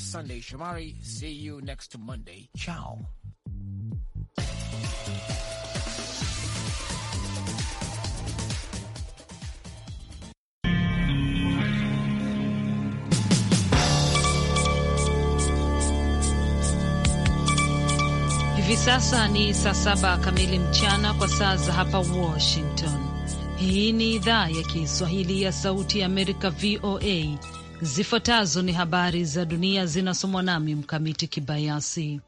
Sunday Shomari. See you next Monday. Ciao. Hivi sasa ni saa saba kamili mchana kwa saa za hapa Washington. Hii ni idhaa ya Kiswahili ya Sauti ya Amerika, VOA. Zifuatazo ni habari za dunia zinasomwa nami Mkamiti Kibayasi.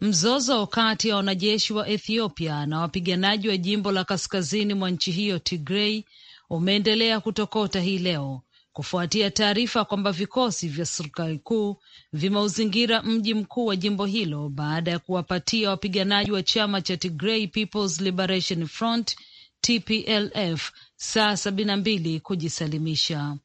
Mzozo kati ya wanajeshi wa Ethiopia na wapiganaji wa jimbo la kaskazini mwa nchi hiyo Tigrei umeendelea kutokota hii leo kufuatia taarifa kwamba vikosi vya serikali kuu vimeuzingira mji mkuu wa jimbo hilo baada ya kuwapatia wapiganaji wa chama cha Tigray People's Liberation Front TPLF saa sabini na mbili kujisalimisha.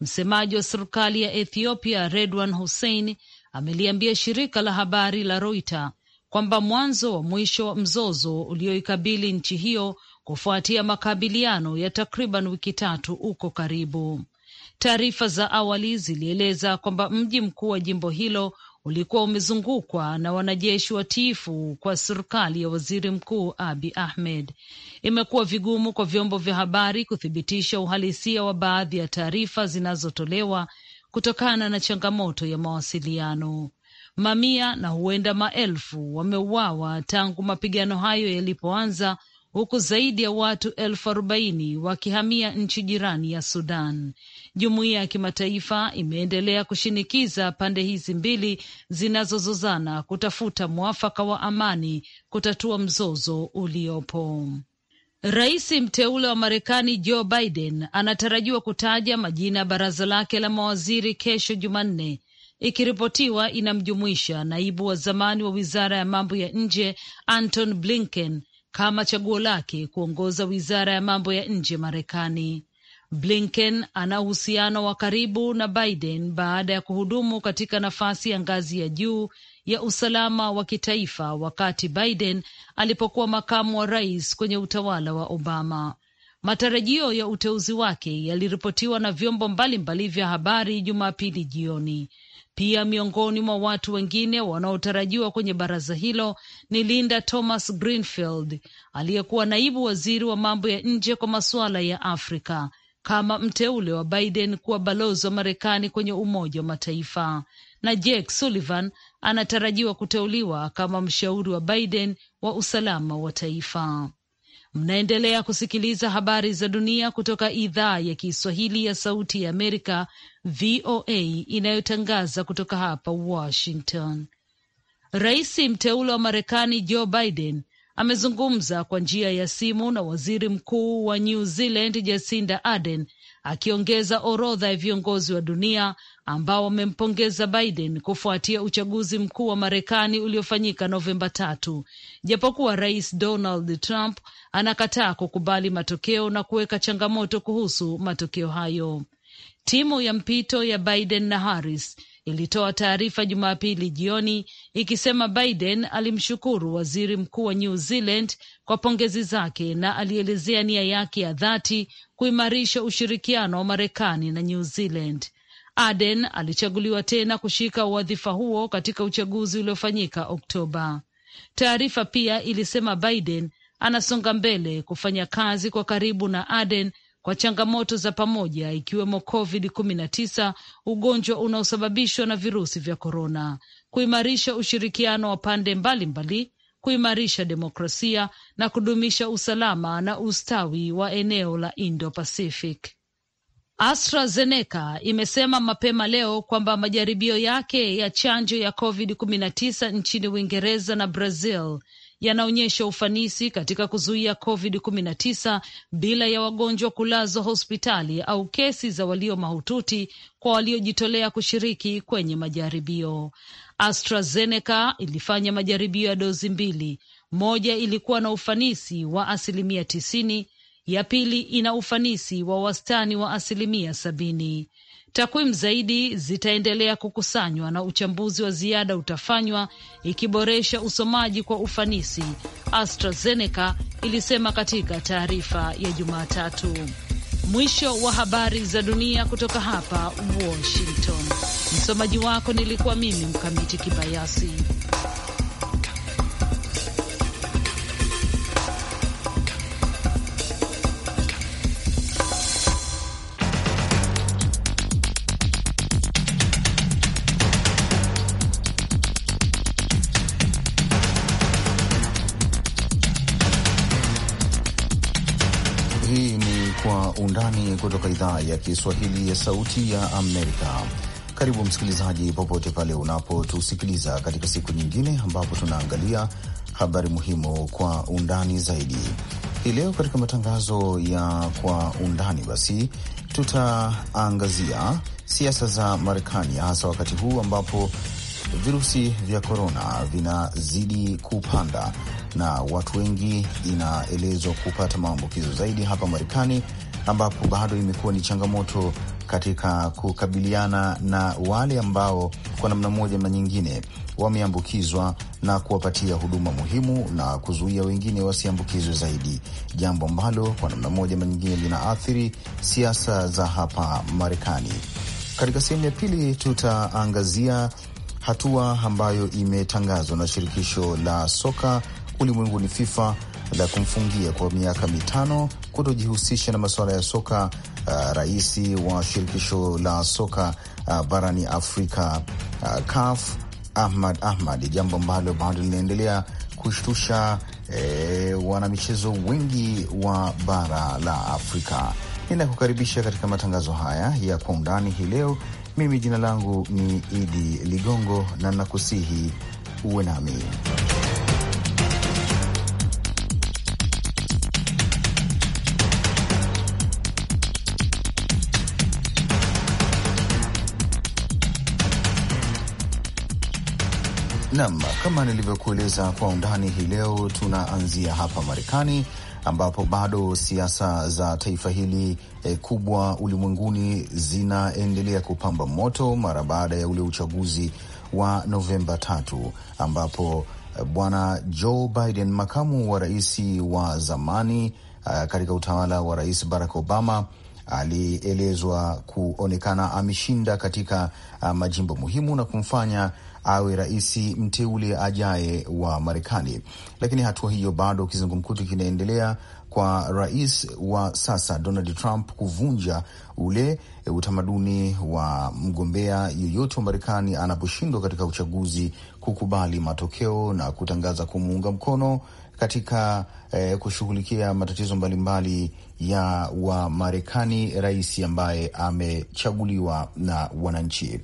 Msemaji wa serikali ya Ethiopia Redwan Hussein ameliambia shirika la habari la Reuters kwamba mwanzo wa mwisho wa mzozo ulioikabili nchi hiyo kufuatia makabiliano ya takriban wiki tatu uko karibu. Taarifa za awali zilieleza kwamba mji mkuu wa jimbo hilo ulikuwa umezungukwa na wanajeshi watiifu kwa serikali ya waziri mkuu Abi Ahmed. Imekuwa vigumu kwa vyombo vya habari kuthibitisha uhalisia wa baadhi ya taarifa zinazotolewa kutokana na changamoto ya mawasiliano. Mamia na huenda maelfu wameuawa tangu mapigano hayo yalipoanza, huku zaidi ya watu elfu arobaini wakihamia nchi jirani ya Sudan. Jumuiya ya kimataifa imeendelea kushinikiza pande hizi mbili zinazozozana kutafuta mwafaka wa amani kutatua mzozo uliopo. Rais mteule wa Marekani Joe Biden anatarajiwa kutaja majina ya baraza lake la mawaziri kesho Jumanne, ikiripotiwa inamjumuisha naibu wa zamani wa wizara ya mambo ya nje Anton Blinken kama chaguo lake kuongoza wizara ya mambo ya nje Marekani. Blinken ana uhusiano wa karibu na Biden baada ya kuhudumu katika nafasi ya ngazi ya juu ya usalama wa kitaifa wakati Biden alipokuwa makamu wa rais kwenye utawala wa Obama. Matarajio ya uteuzi wake yaliripotiwa na vyombo mbalimbali vya habari Jumapili jioni, pia miongoni mwa watu wengine wanaotarajiwa kwenye baraza hilo ni Linda Thomas Greenfield aliyekuwa naibu waziri wa mambo ya nje kwa masuala ya Afrika kama mteule wa Biden kuwa balozi wa Marekani kwenye Umoja wa Mataifa, na Jake Sullivan anatarajiwa kuteuliwa kama mshauri wa Biden wa usalama wa taifa. Mnaendelea kusikiliza habari za dunia kutoka idhaa ya Kiswahili ya Sauti ya Amerika, VOA, inayotangaza kutoka hapa Washington. Rais mteule wa Marekani Joe Biden amezungumza kwa njia ya simu na waziri mkuu wa New Zealand Jacinda Ardern akiongeza orodha ya viongozi wa dunia ambao wamempongeza Biden kufuatia uchaguzi mkuu wa Marekani uliofanyika Novemba tatu, japokuwa Rais Donald Trump anakataa kukubali matokeo na kuweka changamoto kuhusu matokeo hayo. Timu ya mpito ya Biden na Harris ilitoa taarifa Jumapili jioni ikisema Biden alimshukuru waziri mkuu wa New Zealand kwa pongezi zake na alielezea nia yake ya dhati kuimarisha ushirikiano wa Marekani na New Zealand. Aden alichaguliwa tena kushika wadhifa huo katika uchaguzi uliofanyika Oktoba. Taarifa pia ilisema Biden anasonga mbele kufanya kazi kwa karibu na Aden kwa changamoto za pamoja ikiwemo COVID-19, ugonjwa unaosababishwa na virusi vya korona, kuimarisha ushirikiano wa pande mbalimbali, kuimarisha demokrasia na kudumisha usalama na ustawi wa eneo la Indo-Pacific. AstraZeneca imesema mapema leo kwamba majaribio yake ya chanjo ya COVID-19 nchini Uingereza na Brazil yanaonyesha ufanisi katika kuzuia COVID-19 bila ya wagonjwa kulazwa hospitali au kesi za walio mahututi kwa waliojitolea kushiriki kwenye majaribio. AstraZeneca ilifanya majaribio ya dozi mbili, moja ilikuwa na ufanisi wa asilimia tisini ya pili ina ufanisi wa wastani wa asilimia sabini. Takwimu zaidi zitaendelea kukusanywa na uchambuzi wa ziada utafanywa, ikiboresha usomaji kwa ufanisi, AstraZeneca ilisema katika taarifa ya Jumatatu. Mwisho wa habari za dunia kutoka hapa Washington. Msomaji wako nilikuwa mimi Mkamiti Kibayasi. undani kutoka idhaa ya Kiswahili ya Sauti ya Amerika. Karibu msikilizaji, popote pale unapotusikiliza katika siku nyingine ambapo tunaangalia habari muhimu kwa undani zaidi. Hii leo katika matangazo ya kwa undani, basi tutaangazia siasa za Marekani, hasa wakati huu ambapo virusi vya korona vinazidi kupanda na watu wengi inaelezwa kupata maambukizo zaidi hapa Marekani ambapo bado imekuwa ni changamoto katika kukabiliana na wale ambao kwa namna moja na nyingine wameambukizwa na kuwapatia huduma muhimu na kuzuia wengine wasiambukizwe zaidi, jambo ambalo kwa namna moja na nyingine linaathiri siasa za hapa Marekani. Katika sehemu ya pili tutaangazia hatua ambayo imetangazwa na shirikisho la soka ulimwenguni FIFA la kumfungia kwa miaka mitano kutojihusisha na masuala ya soka uh, rais wa shirikisho la soka uh, barani Afrika uh, CAF Ahmad Ahmad, jambo ambalo bado linaendelea kushtusha eh, wanamichezo wengi wa bara la Afrika. Ninakukaribisha katika matangazo haya ya kwa undani hii leo. Mimi jina langu ni Idi Ligongo na nakusihi uwe nami. Nam, kama nilivyokueleza kwa undani hii leo, tunaanzia hapa Marekani ambapo bado siasa za taifa hili e, kubwa ulimwenguni zinaendelea kupamba moto mara baada ya ule uchaguzi wa Novemba tatu ambapo eh, Bwana Joe Biden, makamu wa rais wa zamani eh, katika utawala wa Rais Barack Obama alielezwa kuonekana ameshinda katika uh, majimbo muhimu na kumfanya awe rais mteule ajaye wa Marekani. Lakini hatua hiyo bado kizungumkuti kinaendelea kwa rais wa sasa Donald Trump kuvunja ule utamaduni wa mgombea yeyote wa Marekani anaposhindwa katika uchaguzi kukubali matokeo na kutangaza kumuunga mkono katika eh, kushughulikia matatizo mbalimbali ya Wamarekani, rais ambaye amechaguliwa na wananchi.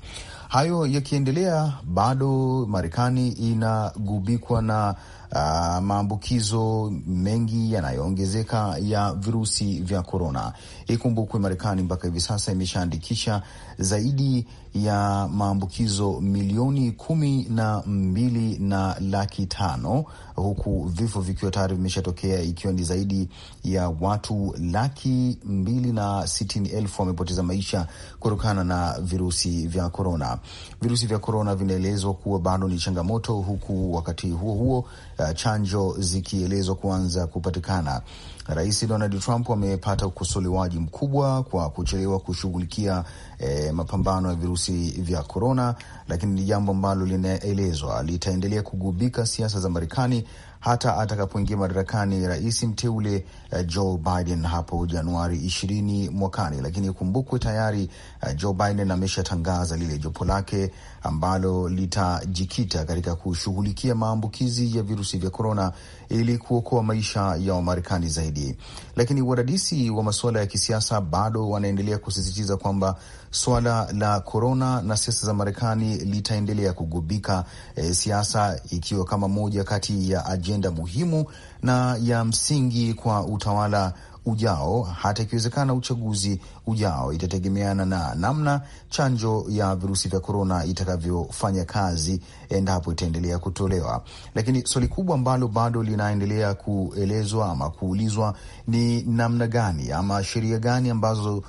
Hayo yakiendelea, bado Marekani inagubikwa na Uh, maambukizo mengi yanayoongezeka ya virusi vya korona. Ikumbukwe Marekani mpaka hivi sasa imeshaandikisha zaidi ya maambukizo milioni kumi na mbili na laki tano huku vifo vikiwa tayari vimeshatokea ikiwa ni zaidi ya watu laki mbili na sitini elfu wamepoteza maisha kutokana na virusi vya korona. Virusi vya korona vinaelezwa kuwa bado ni changamoto, huku wakati huo huo uh, chanjo zikielezwa kuanza kupatikana. Rais Donald Trump amepata ukosolewaji mkubwa kwa kuchelewa kushughulikia eh, mapambano ya virusi vya korona, lakini ni jambo ambalo linaelezwa litaendelea kugubika siasa za Marekani hata atakapoingia madarakani rais mteule uh, Joe Biden hapo Januari ishirini mwakani. Lakini ikumbukwe tayari uh, Joe Biden ameshatangaza lile jopo lake ambalo litajikita katika kushughulikia maambukizi ya virusi vya korona ili kuokoa maisha ya Wamarekani zaidi. Lakini wadadisi wa masuala ya kisiasa bado wanaendelea kusisitiza kwamba swala la korona na siasa za Marekani litaendelea kugubika e, siasa ikiwa kama moja kati ya ajenda muhimu na ya msingi kwa utawala ujao hata ikiwezekana uchaguzi ujao, itategemeana na namna chanjo ya virusi vya korona itakavyofanya kazi, endapo itaendelea kutolewa. Lakini swali kubwa ambalo bado linaendelea kuelezwa ama kuulizwa ni namna gani ama sheria gani ambazo uh,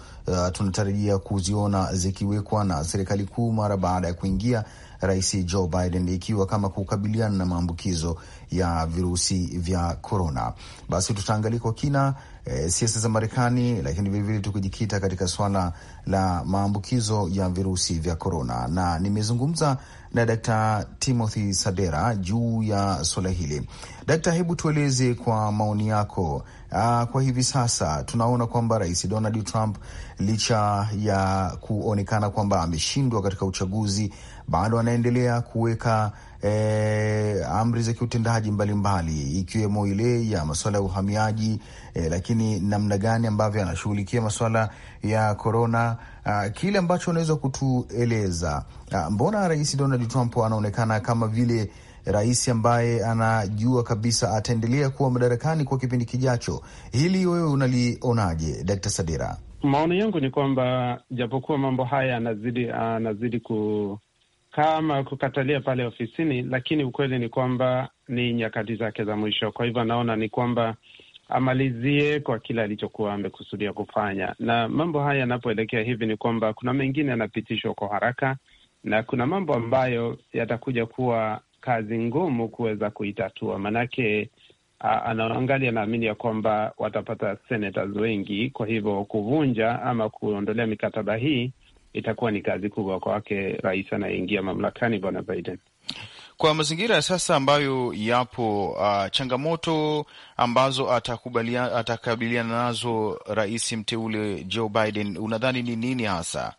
tunatarajia kuziona zikiwekwa na serikali kuu mara baada ya kuingia Rais Joe Biden ikiwa kama kukabiliana na maambukizo ya virusi vya korona. Basi tutaangalia kwa kina e, siasa za Marekani, lakini vilevile tukijikita katika swala la maambukizo ya virusi vya korona, na nimezungumza na Dkt. Timothy Sadera juu ya swala hili. Dkt. hebu tueleze kwa maoni yako. Aa, ah, kwa hivi sasa tunaona kwamba Rais Donald Trump licha ya kuonekana kwamba ameshindwa katika uchaguzi bado anaendelea kuweka E, amri za kiutendaji mbalimbali ikiwemo ile ya masuala ya uhamiaji e, lakini namna gani ambavyo anashughulikia masuala ya korona. Ah, kile ambacho unaweza kutueleza, a, ah, mbona Rais Donald Trump anaonekana kama vile rais ambaye anajua kabisa ataendelea kuwa madarakani kwa kipindi kijacho? Hili wewe unalionaje, Dkt. Sadira? Maoni yangu ni kwamba japokuwa mambo haya anazidi anazidi ah, ku kama kukatalia pale ofisini, lakini ukweli ni kwamba ni nyakati zake za mwisho. Kwa hivyo anaona ni kwamba amalizie kwa kile alichokuwa amekusudia kufanya, na mambo haya yanapoelekea hivi ni kwamba kuna mengine yanapitishwa kwa haraka na kuna mambo ambayo yatakuja kuwa kazi ngumu kuweza kuitatua, maanake anaangalia, naamini ya kwamba watapata senators wengi, kwa hivyo kuvunja ama kuondolea mikataba hii itakuwa ni kazi kubwa kwake rais anayeingia mamlakani bwana Biden kwa mazingira ya sasa ambayo yapo, uh, changamoto ambazo atakabiliana nazo rais mteule Joe Biden, unadhani ni nini hasa?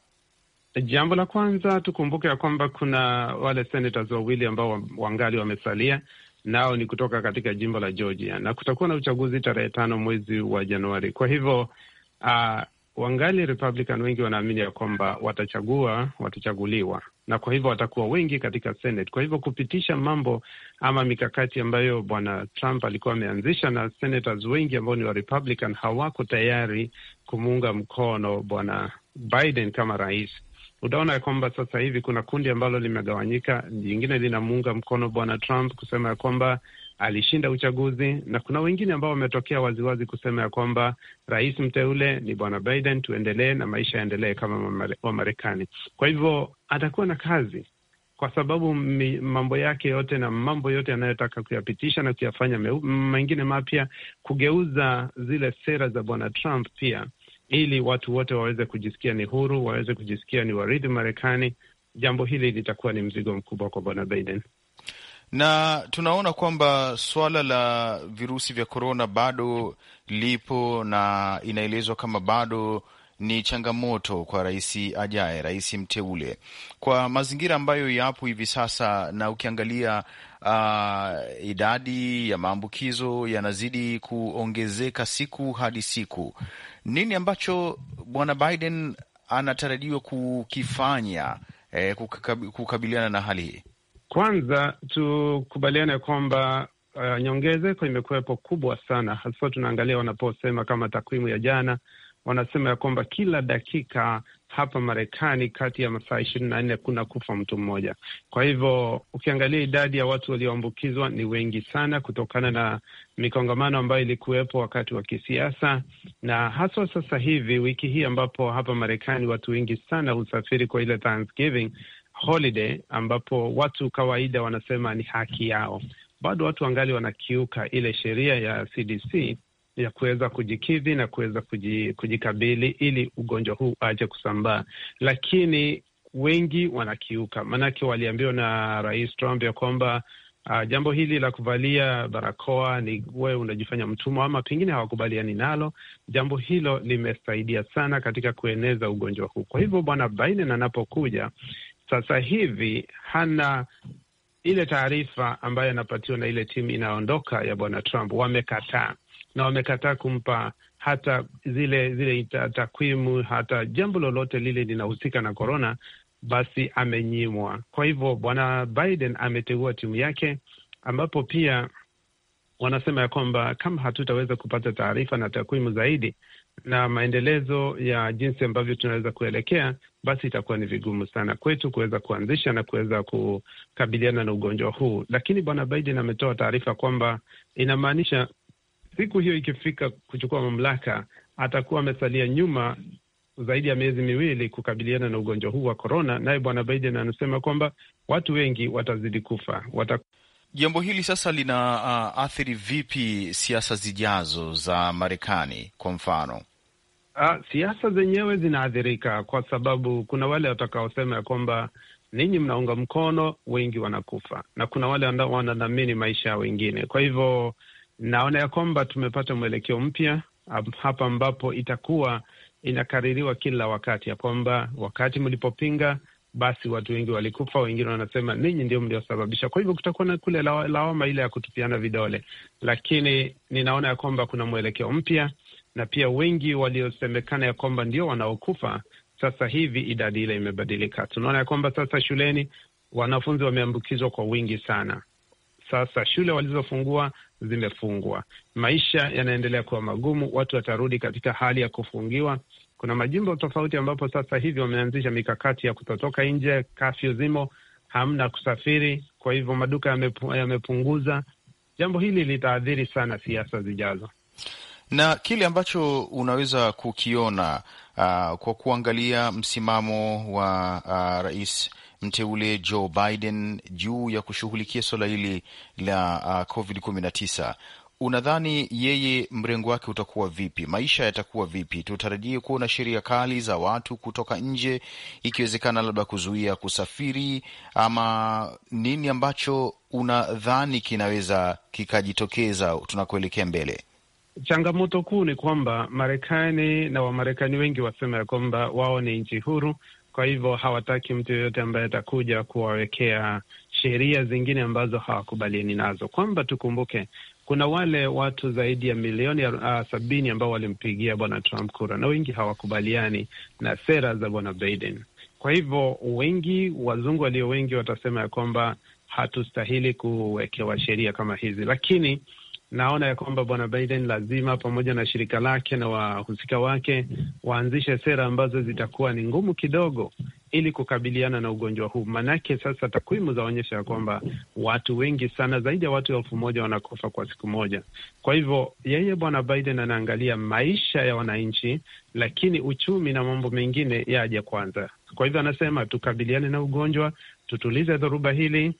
Jambo la kwanza tukumbuke ya kwamba kuna wale senators wawili ambao wangali wamesalia, nao ni kutoka katika jimbo la Georgia, na kutakuwa na uchaguzi tarehe tano mwezi wa Januari. Kwa hivyo uh, wangali Republican wengi wanaamini ya kwamba watachagua, watachaguliwa, na kwa hivyo watakuwa wengi katika Senate. Kwa hivyo kupitisha mambo ama mikakati ambayo bwana Trump alikuwa ameanzisha, na senators wengi ambao ni wa Republican hawako tayari kumuunga mkono bwana Biden kama rais. Utaona ya kwamba sasa hivi kuna kundi ambalo limegawanyika, jingine linamuunga mkono bwana Trump kusema ya kwamba alishinda uchaguzi, na kuna wengine ambao wametokea waziwazi kusema ya kwamba rais mteule ni bwana Biden, tuendelee na maisha yaendelee kama wa marekani Kwa hivyo atakuwa na kazi kwa sababu mambo yake yote na mambo yote yanayotaka kuyapitisha na kuyafanya mengine mapya, kugeuza zile sera za bwana Trump pia, ili watu wote waweze kujisikia ni huru, waweze kujisikia ni waridhi Marekani. Jambo hili litakuwa ni mzigo mkubwa kwa bwana Biden na tunaona kwamba swala la virusi vya korona bado lipo na inaelezwa kama bado ni changamoto kwa rais ajaye, rais mteule, kwa mazingira ambayo yapo hivi sasa, na ukiangalia uh, idadi ya maambukizo yanazidi kuongezeka siku hadi siku. Nini ambacho bwana Biden anatarajiwa kukifanya eh, kukabiliana na hali hii? Kwanza tukubaliane kwamba uh, nyongezeko imekuwepo kubwa sana, hasa tunaangalia wanaposema kama takwimu ya jana, wanasema ya kwamba kila dakika hapa Marekani kati ya masaa ishirini na nne kuna kufa mtu mmoja. Kwa hivyo ukiangalia idadi ya watu walioambukizwa ni wengi sana, kutokana na mikongamano ambayo ilikuwepo wakati wa kisiasa, na haswa sasa hivi wiki hii ambapo hapa Marekani watu wengi sana husafiri kwa ile Thanksgiving, holiday ambapo watu kawaida wanasema ni haki yao, bado watu wangali wanakiuka ile sheria ya CDC ya kuweza kujikidhi na kuweza kujikabili ili ugonjwa huu aje kusambaa, lakini wengi wanakiuka. Maanake waliambiwa na Rais Trump ya kwamba Uh, jambo hili la kuvalia barakoa ni wewe unajifanya mtumwa, ama pengine hawakubaliani nalo. Jambo hilo limesaidia sana katika kueneza ugonjwa huu. Kwa hivyo bwana Biden anapokuja, sasa hivi hana ile taarifa ambayo anapatiwa na ile timu inaondoka ya bwana Trump. Wamekataa na wamekataa kumpa hata zile zile takwimu, hata jambo lolote lile linahusika na korona, basi amenyimwa. Kwa hivyo bwana Biden ameteua timu yake, ambapo pia wanasema ya kwamba kama hatutaweza kupata taarifa na takwimu zaidi, na maendelezo ya jinsi ambavyo tunaweza kuelekea, basi itakuwa ni vigumu sana kwetu kuweza kuanzisha na kuweza kukabiliana na ugonjwa huu. Lakini bwana Biden ametoa taarifa kwamba inamaanisha siku hiyo ikifika kuchukua mamlaka, atakuwa amesalia nyuma zaidi ya miezi miwili kukabiliana na ugonjwa huu wa korona. Naye bwana Biden anasema kwamba watu wengi watazidi kufa wata... Jambo hili sasa lina uh, athiri vipi siasa zijazo za Marekani? Kwa mfano Ah, siasa zenyewe zinaathirika kwa sababu kuna wale watakaosema ya kwamba ninyi mnaunga mkono, wengi wanakufa, na kuna wale ambao wanadhamini maisha ya wengine. Kwa hivyo naona ya kwamba tumepata mwelekeo mpya hapa, ambapo itakuwa inakaririwa kila wakati ya kwamba wakati mlipopinga basi watu wengi walikufa, wengine wanasema ninyi ndio mliosababisha. Kwa hivyo kutakuwa na kule lawama ile ya kutupiana vidole, lakini ninaona ya kwamba kuna mwelekeo mpya na pia wengi waliosemekana ya kwamba ndio wanaokufa sasa hivi idadi ile imebadilika. Tunaona ya kwamba sasa shuleni wanafunzi wameambukizwa kwa wingi sana. Sasa shule walizofungua zimefungwa, maisha yanaendelea kuwa magumu, watu watarudi katika hali ya kufungiwa. Kuna majimbo tofauti ambapo sasa hivi wameanzisha mikakati ya kutotoka nje, kafyu zimo, hamna kusafiri, kwa hivyo maduka yamepunguza. Jambo hili litaathiri sana siasa zijazo na kile ambacho unaweza kukiona uh, kwa kuangalia msimamo wa uh, rais mteule Joe Biden juu ya kushughulikia suala hili la uh, Covid 19 unadhani yeye mrengo wake utakuwa vipi? Maisha yatakuwa vipi? Tutarajie kuona sheria kali za watu kutoka nje, ikiwezekana labda kuzuia kusafiri, ama nini ambacho unadhani kinaweza kikajitokeza tunakoelekea mbele? Changamoto kuu ni kwamba Marekani na Wamarekani wengi wasema ya kwamba wao ni nchi huru, kwa hivyo hawataki mtu yoyote ambaye atakuja kuwawekea sheria zingine ambazo hawakubaliani nazo, kwamba tukumbuke kuna wale watu zaidi ya milioni uh, sabini ambao walimpigia bwana Trump kura na wengi hawakubaliani na sera za bwana Biden. Kwa hivyo wengi wazungu walio wengi watasema ya kwamba hatustahili kuwekewa sheria kama hizi, lakini naona ya kwamba bwana Biden lazima pamoja na shirika lake na wahusika wake waanzishe sera ambazo zitakuwa ni ngumu kidogo ili kukabiliana na ugonjwa huu. Maanake sasa takwimu zaonyesha ya kwamba watu wengi sana, zaidi ya watu elfu moja wanakufa kwa siku moja. Kwa hivyo yeye bwana Biden anaangalia maisha ya wananchi, lakini uchumi na mambo mengine yaje kwanza. Kwa hivyo anasema tukabiliane na ugonjwa, tutulize dhoruba hili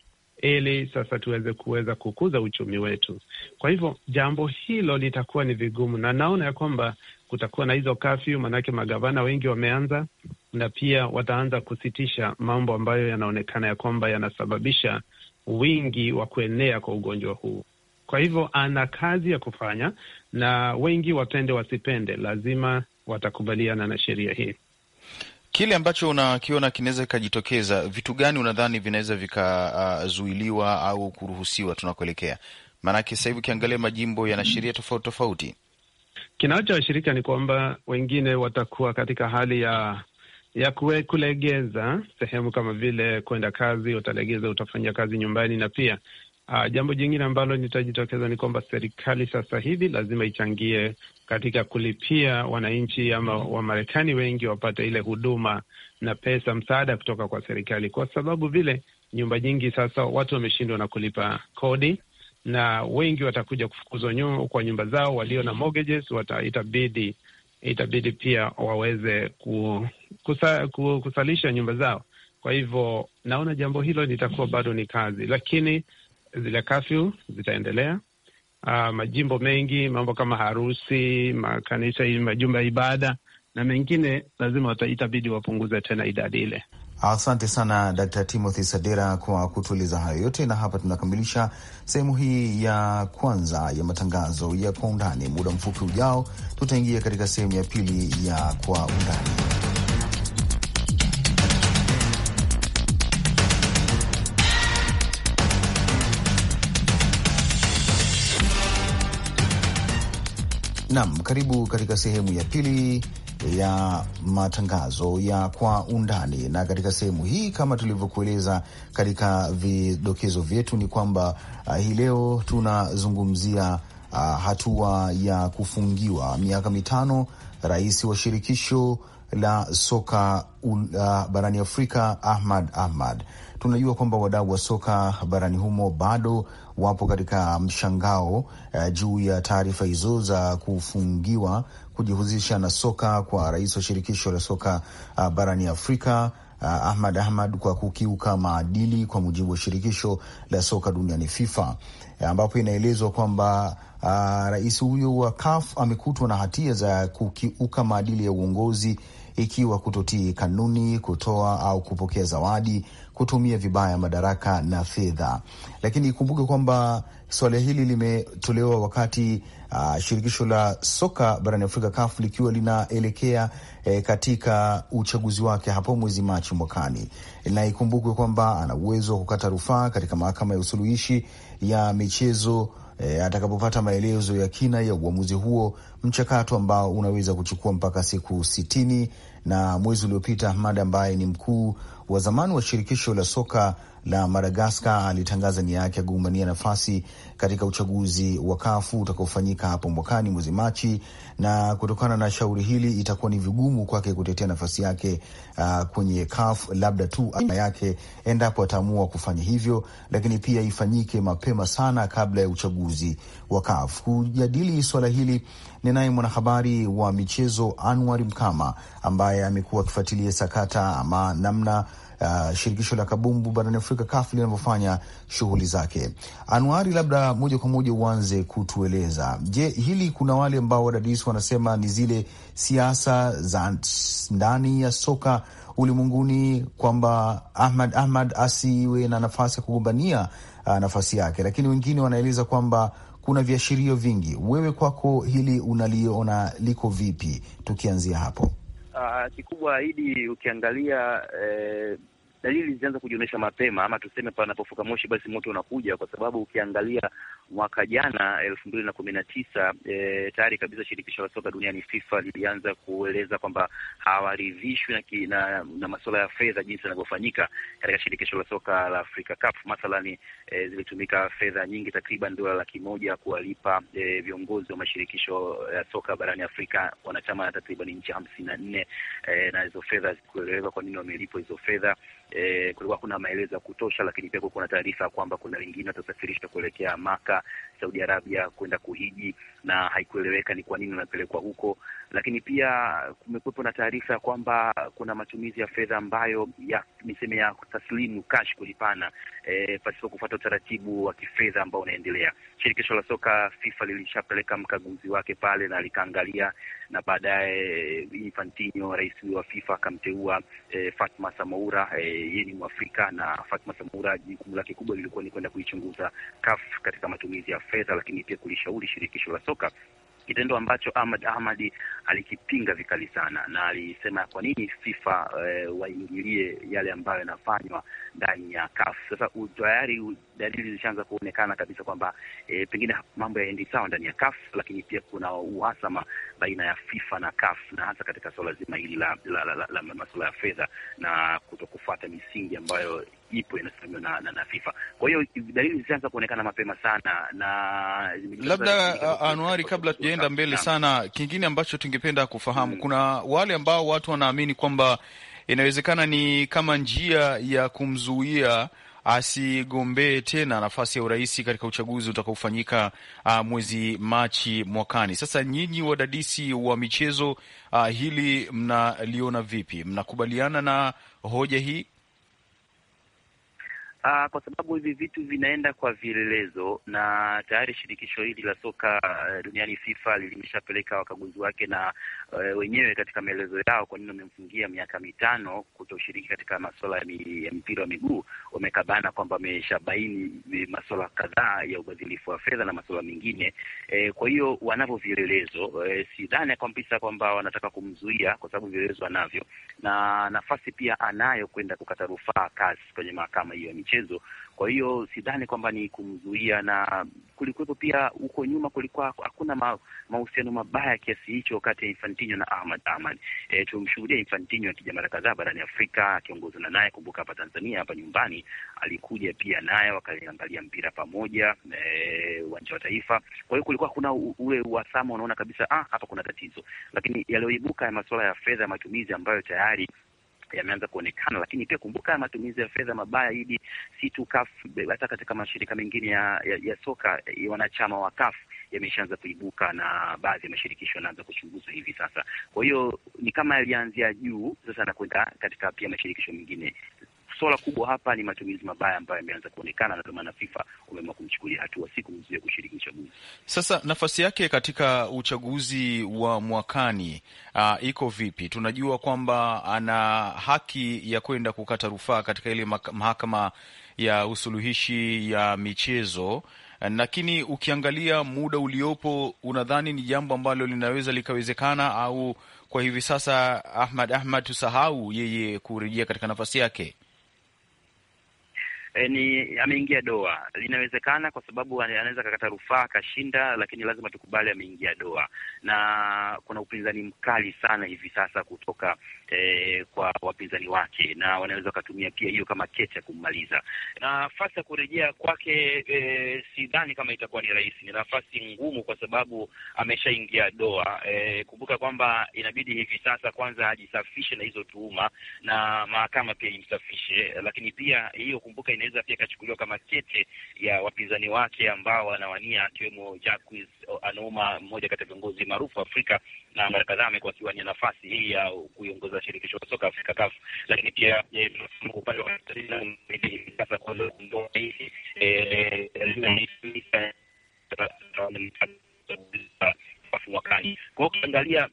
ili sasa tuweze kuweza kukuza uchumi wetu. Kwa hivyo jambo hilo litakuwa ni vigumu, na naona ya kwamba kutakuwa na hizo kafyu, maanake magavana wengi wameanza na pia wataanza kusitisha mambo ambayo yanaonekana ya kwamba yanasababisha wingi wa kuenea kwa ugonjwa huu. Kwa hivyo ana kazi ya kufanya, na wengi wapende wasipende, lazima watakubaliana na sheria hii kile ambacho unakiona kinaweza kikajitokeza, vitu gani unadhani vinaweza vikazuiliwa uh, au kuruhusiwa tunakuelekea? Maanake sasa hivi ukiangalia majimbo yana sheria tofauti tofauti. Kinachowashirika ni kwamba wengine watakuwa katika hali ya ya kue, kulegeza sehemu kama vile kwenda kazi, utalegeza, utafanyia kazi nyumbani, na pia Uh, jambo jingine ambalo nitajitokeza ni kwamba serikali sasa hivi lazima ichangie katika kulipia wananchi ama Wamarekani wengi wapate ile huduma na pesa msaada kutoka kwa serikali, kwa sababu vile nyumba nyingi sasa watu wameshindwa na kulipa kodi, na wengi watakuja kufukuzwa kwa nyumba zao walio na mortgages wata, itabidi itabidi pia waweze kusa, kusalisha nyumba zao. Kwa hivyo naona jambo hilo litakuwa bado ni kazi, lakini zile kafyu zitaendelea. Uh, ah, majimbo mengi, mambo kama harusi, makanisa, majumba ya ibada na mengine, lazima itabidi wapunguze tena idadi ile. Asante sana Dkt. Timothy Sadera kwa kutueleza hayo yote, na hapa tunakamilisha sehemu hii ya kwanza ya matangazo ya Kwa Undani. Muda mfupi ujao, tutaingia katika sehemu ya pili ya Kwa Undani. Naam, karibu katika sehemu ya pili ya matangazo ya kwa undani. Na katika sehemu hii kama tulivyokueleza katika vidokezo vyetu ni kwamba uh, hii leo tunazungumzia uh, hatua ya kufungiwa miaka mitano rais wa shirikisho la soka uh, barani Afrika Ahmad Ahmad. Tunajua kwamba wadau wa soka barani humo bado wapo katika mshangao uh, juu ya taarifa hizo za kufungiwa kujihusisha na soka kwa rais wa shirikisho la soka uh, barani Afrika uh, Ahmad Ahmad kwa kukiuka maadili kwa mujibu wa shirikisho la soka duniani FIFA, ambapo inaelezwa kwamba uh, rais huyo wa CAF amekutwa na hatia za kukiuka maadili ya uongozi ikiwa kutotii kanuni, kutoa au kupokea zawadi kutumia vibaya madaraka na fedha. Lakini ikumbuke kwamba suala hili limetolewa wakati uh, shirikisho la soka barani Afrika CAF likiwa linaelekea eh, katika uchaguzi wake hapo mwezi Machi mwakani, na ikumbukwe kwamba ana uwezo wa kukata rufaa katika mahakama ya usuluhishi ya michezo E, atakapopata maelezo ya kina ya uamuzi huo, mchakato ambao unaweza kuchukua mpaka siku sitini na mwezi uliopita Ahmad ambaye ni mkuu wa zamani wa shirikisho la soka la Madagaskar alitangaza nia yake ya kugombania nafasi katika uchaguzi wa Kafu utakaofanyika hapo mwakani mwezi Machi, na kutokana na shauri hili itakuwa ni vigumu kwake kutetea nafasi yake uh, kwenye kaf labda tu aina yake endapo ataamua kufanya hivyo, lakini pia ifanyike mapema sana kabla ya uchaguzi wa kaf. Kujadili swala hili ninaye mwanahabari wa michezo Anwar Mkama ambaye amekuwa akifuatilia sakata ama namna uh, shirikisho la kabumbu barani Afrika CAF linavyofanya shughuli zake. Anuari, labda moja kwa moja uanze kutueleza, je, hili kuna wale ambao wadadisi wanasema ni zile siasa za ndani ya soka ulimwenguni kwamba Ahmad Ahmad asiwe na nafasi ya kugombania uh, nafasi yake, lakini wengine wanaeleza kwamba kuna viashirio vingi. Wewe kwako hili unaliona liko vipi? Tukianzia hapo. Ah, kikubwa Idi, ukiangalia eh, dalili zilianza kujionyesha mapema, ama tuseme panapofuka moshi basi moto unakuja, kwa sababu ukiangalia mwaka jana elfu mbili na kumi na tisa e, tayari kabisa shirikisho la soka duniani FIFA lilianza kueleza kwamba hawaridhishwi na, na, na masuala ya fedha jinsi yanavyofanyika katika shirikisho la soka la Africa Cup. Mathalani e, zilitumika fedha nyingi takriban dola laki moja kuwalipa e, viongozi wa mashirikisho ya soka barani Afrika wanachama takriban nchi hamsini na nne e, na hizo fedha hazikueleweka kwa nini wamelipwa hizo fedha. E, kulikuwa kuna maelezo ya kutosha, lakini pia kulikuwa na taarifa kwamba kuna wengine watasafirishwa kuelekea Maka kutoka Saudi Arabia kwenda kuhiji, na haikueleweka ni kwa nini anapelekwa huko. Lakini pia kumekuwepo na taarifa ya kwamba kuna matumizi ya fedha ambayo ya niseme ya taslimu cash kulipana e, pasipo kufuata utaratibu wa kifedha ambao unaendelea. Shirikisho la soka FIFA lilishapeleka mkaguzi wake pale na likaangalia na baadaye Infantino, rais wa FIFA, akamteua e, Fatma Samoura e, yeye ni Mwafrika, na Fatma Samoura jukumu lake kubwa lilikuwa ni kwenda kuichunguza CAF katika matumizi ya fedha, lakini pia kulishauri shirikisho la soka, kitendo ambacho Ahmad Ahmad alikipinga vikali sana, na alisema kwa nini FIFA e, eh, waingilie yale ambayo yanafanywa ndani ya CAF. Sasa tayari dalili zilishaanza kuonekana kabisa kwamba e, pengine mambo yaendi sawa ndani ya CAF, lakini pia kuna uhasama baina ya FIFA na CAF, na hasa katika swala zima hili la, la, la, la, la masuala ya fedha na kutokufuata misingi ambayo ipo inasimamiwa na, na, na FIFA. Kwa hiyo dalili zianza kuonekana mapema sana na labda Anuari, kabla tujaenda mbele sana, kingine ambacho tungependa kufahamu hmm, kuna wale ambao watu wanaamini kwamba inawezekana ni kama njia ya kumzuia asigombee tena nafasi ya urais katika uchaguzi utakaofanyika uh, mwezi Machi mwakani. Sasa nyinyi wadadisi wa michezo uh, hili mnaliona vipi? Mnakubaliana na hoja hii? Uh, kwa sababu hivi vitu vinaenda kwa vielelezo na tayari shirikisho hili la soka eh, duniani FIFA limeshapeleka wakaguzi wake na uh, wenyewe katika maelezo yao, kwa nini wamemfungia miaka mitano kutoshiriki katika masuala ya mpira wa miguu, wamekabana kwamba wameshabaini eh, masuala kadhaa ya ubadhilifu wa fedha na masuala mengine eh, kwa hiyo wanavyo vielelezo eh, sidhani ya kabisa kwamba wanataka kumzuia kwa sababu vielelezo anavyo na nafasi pia anayo kwenda kukata rufaa kazi kwenye mahakama hiyo ya michezo. Kwa hiyo sidhani kwamba ni kumzuia, na kulikuwepo pia huko nyuma, kulikuwa hakuna mahusiano mabaya kiasi hicho kati ya Infantino na Ahmad Ahmad. E, tumshuhudia Infantino akija mara kadhaa barani Afrika akiongozana naye. Kumbuka hapa Tanzania, hapa nyumbani alikuja pia naye, wakaangalia mpira pamoja e, uwanja e, wa Taifa. Kwa hiyo kulikuwa kuna ule uhasama, unaona kabisa ah, hapa kuna tatizo, lakini yaliyoibuka ya masuala ya fedha, ya matumizi ambayo tayari yameanza kuonekana, lakini pia kumbuka, matumizi ya fedha mabaya hidi si tu CAF, hata katika mashirika mengine ya, ya, ya soka ya wanachama wa CAF yameshaanza kuibuka na baadhi ya mashirikisho yanaanza kuchunguzwa hivi sasa. Kwa hiyo ni kama yalianzia juu sasa anakwenda katika pia mashirikisho mengine swala kubwa hapa ni matumizi mabaya ambayo yameanza kuonekana, na ndio maana FIFA umeamua kumchukulia hatua, si kumzuia kushiriki uchaguzi. Sasa nafasi yake katika uchaguzi wa mwakani uh, iko vipi? Tunajua kwamba ana haki ya kwenda kukata rufaa katika ile mahakama ya usuluhishi ya michezo lakini ukiangalia muda uliopo, unadhani ni jambo ambalo linaweza likawezekana, au kwa hivi sasa Ahmad Ahmad tusahau yeye kurejea katika nafasi yake? e, ni ameingia doa. Inawezekana kwa sababu anaweza kakata rufaa akashinda, lakini lazima tukubali ameingia doa, na kuna upinzani mkali sana hivi sasa kutoka e, kwa wapinzani wake, na wanaweza wakatumia pia hiyo kama cheche ya kummaliza. Nafasi ya kurejea kwake e, sidhani kama itakuwa ni rahisi. Ni nafasi ngumu kwa sababu ameshaingia doa. E, kumbuka kwamba inabidi hivi sasa kwanza ajisafishe na hizo tuhuma na mahakama pia imsafishe, lakini pia hiyo kumbuka ina anaweza pia ikachukuliwa kama cheche ya wapinzani wake ambao wanawania, akiwemo Jacques Oanoma, mmoja kati ya viongozi maarufu Afrika na mara kadhaa amekuwa akiwania nafasi hii ya kuiongoza shirikisho la soka Afrika CAF, lakini pia upande wa sasa kuanza kuondoa hii mwakani kwao ukiangalia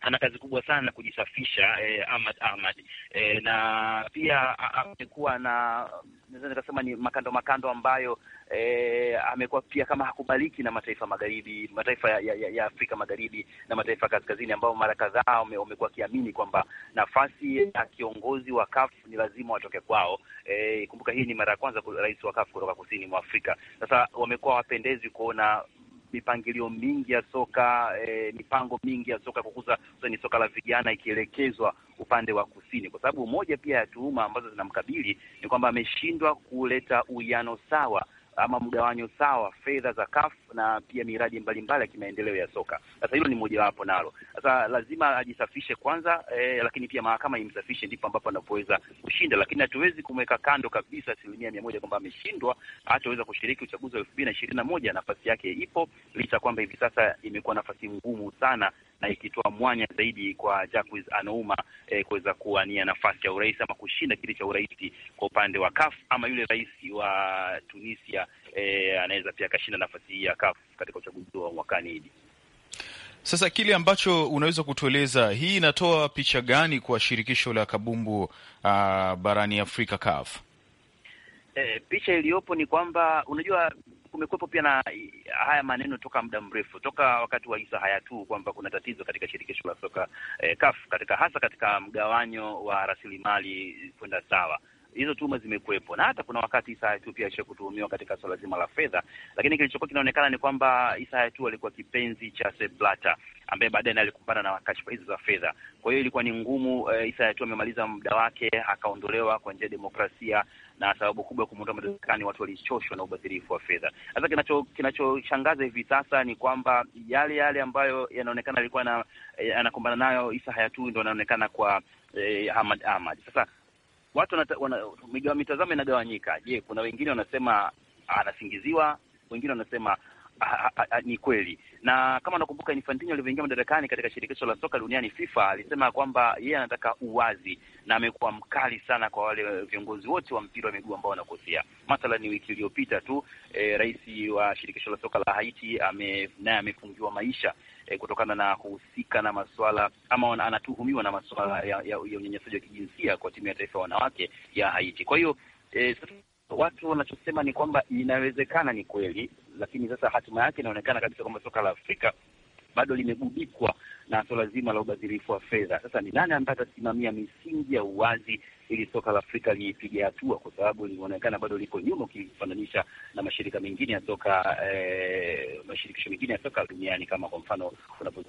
ana kazi kubwa sana kujisafisha eh, Ahmad Ahmad eh, na pia amekuwa na naweza nikasema ni makando makando ambayo eh, amekuwa pia kama hakubaliki na mataifa magharibi, mataifa ya, ya, ya Afrika Magharibi na mataifa kaskazini, ambao mara kadhaa wamekuwa wakiamini kwamba nafasi ya kiongozi wa CAF ni lazima watoke kwao. Eh, kumbuka hii ni mara ya kwanza rais wa CAF kutoka kusini mwa Afrika. Sasa wamekuwa wapendezi kuona mipangilio mingi ya soka e, mipango mingi ya soka kukuza ni soka la vijana ikielekezwa upande wa kusini, kwa sababu moja pia ya tuhuma ambazo zinamkabili ni kwamba ameshindwa kuleta uwiano sawa ama mgawanyo sawa fedha za CAF na pia miradi mbalimbali ya kimaendeleo ya soka. Sasa hilo ni mojawapo nalo, sasa lazima ajisafishe kwanza eh, lakini pia mahakama imsafishe, ndipo ambapo anapoweza kushinda, lakini hatuwezi kumweka kando kabisa asilimia mia moja kwamba ameshindwa hataweza kushiriki uchaguzi wa elfu mbili na ishirini na moja. Nafasi yake ipo licha kwamba hivi sasa imekuwa nafasi ngumu sana na ikitoa mwanya zaidi kwa Jacques Anouma eh, kuweza kuwania nafasi ya urais ama kushinda kiti cha urais kwa upande wa CAF ama yule rais wa Tunisia eh, anaweza pia akashinda nafasi hii ya CAF katika uchaguzi wa mwakani hidi. Sasa kile ambacho unaweza kutueleza, hii inatoa picha gani kwa shirikisho la kabumbu uh, barani Afrika CAF? E, picha iliyopo ni kwamba unajua kumekuwepo pia na haya maneno toka muda mrefu, toka wakati wa Isa hayatu kwamba kuna tatizo katika shirikisho la soka eh, CAF, katika hasa katika mgawanyo wa rasilimali kwenda sawa hizo tuhuma zimekuwepo, na hata kuna wakati Issa Hayatou pia alisha kutuhumiwa katika swala zima la fedha, lakini kilichokuwa kinaonekana ni kwamba Issa Hayatou alikuwa kipenzi cha Sepp Blatter ambaye baadaye naye alikumbana na kashfa hizo za fedha. Kwa hiyo ilikuwa ni ngumu e, eh, Issa Hayatou amemaliza muda wake akaondolewa kwa njia ya demokrasia, na sababu kubwa ya kumwondoa madarakani, watu walichoshwa na ubadhirifu wa fedha. Sasa kinacho kinachoshangaza hivi sasa ni kwamba yale yale ambayo yanaonekana alikuwa na eh, anakumbana nayo Issa Hayatou ndio anaonekana kwa eh, Ahmad Ahmad sasa watu wana, wana, mitazamo inagawanyika. Je, kuna wengine wanasema anasingiziwa, wengine wanasema ha, ha, ni kweli. Na kama nakumbuka, Infantino alivyoingia madarakani katika shirikisho la soka duniani FIFA, alisema kwamba yeye anataka uwazi, na amekuwa mkali sana kwa wale viongozi wote wa mpira wa miguu ambao wanakosea. Mathalani, wiki iliyopita tu e, rais wa shirikisho la soka la Haiti ame, naye amefungiwa maisha e, kutokana na kuhusika na masuala ama anatuhumiwa na masuala ya, ya, ya unyanyasaji wa kijinsia kwa timu ya taifa ya wanawake ya Haiti. Kwa hiyo eh, watu wanachosema ni kwamba inawezekana ni kweli, lakini sasa hatima yake inaonekana kabisa kwamba soka la Afrika bado limegubikwa na swala zima la ubadhirifu wa fedha. Sasa ni nani ambaye atasimamia misingi ya uwazi ili soka la Afrika liipige hatua, kwa sababu linaonekana bado liko nyuma ukifananisha na mashirika mengine ya soka eh, mashirikisho mengine ya soka duniani kama kwa mfano unapoa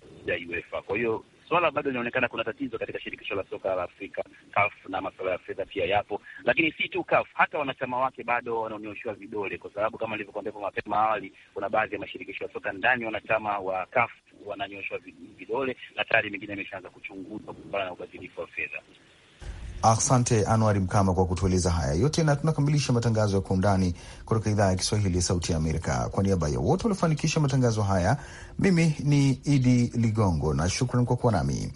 UEFA. Kwa hiyo swala bado linaonekana kuna tatizo katika shirikisho la soka la Afrika CAF, na masuala ya fedha pia yapo, lakini si tu CAF, hata wanachama wake bado wanaonyeshwa vidole, kwa sababu kama nilivyokuambia mapema awali, kuna baadhi ya mashirikisho ya soka ndani wanachama wa CAF wananyoshwa vidole na tayari mingine imeshaanza kuchunguzwa kutokana na ubadhirifu wa fedha. Asante Anuari Mkama kwa kutueleza haya yote, na tunakamilisha matangazo ya Kwa Undani kutoka idhaa ya Kiswahili ya Sauti ya Amerika. Kwa niaba ya wote waliofanikisha matangazo haya, mimi ni Idi Ligongo na shukran kwa kuwa nami.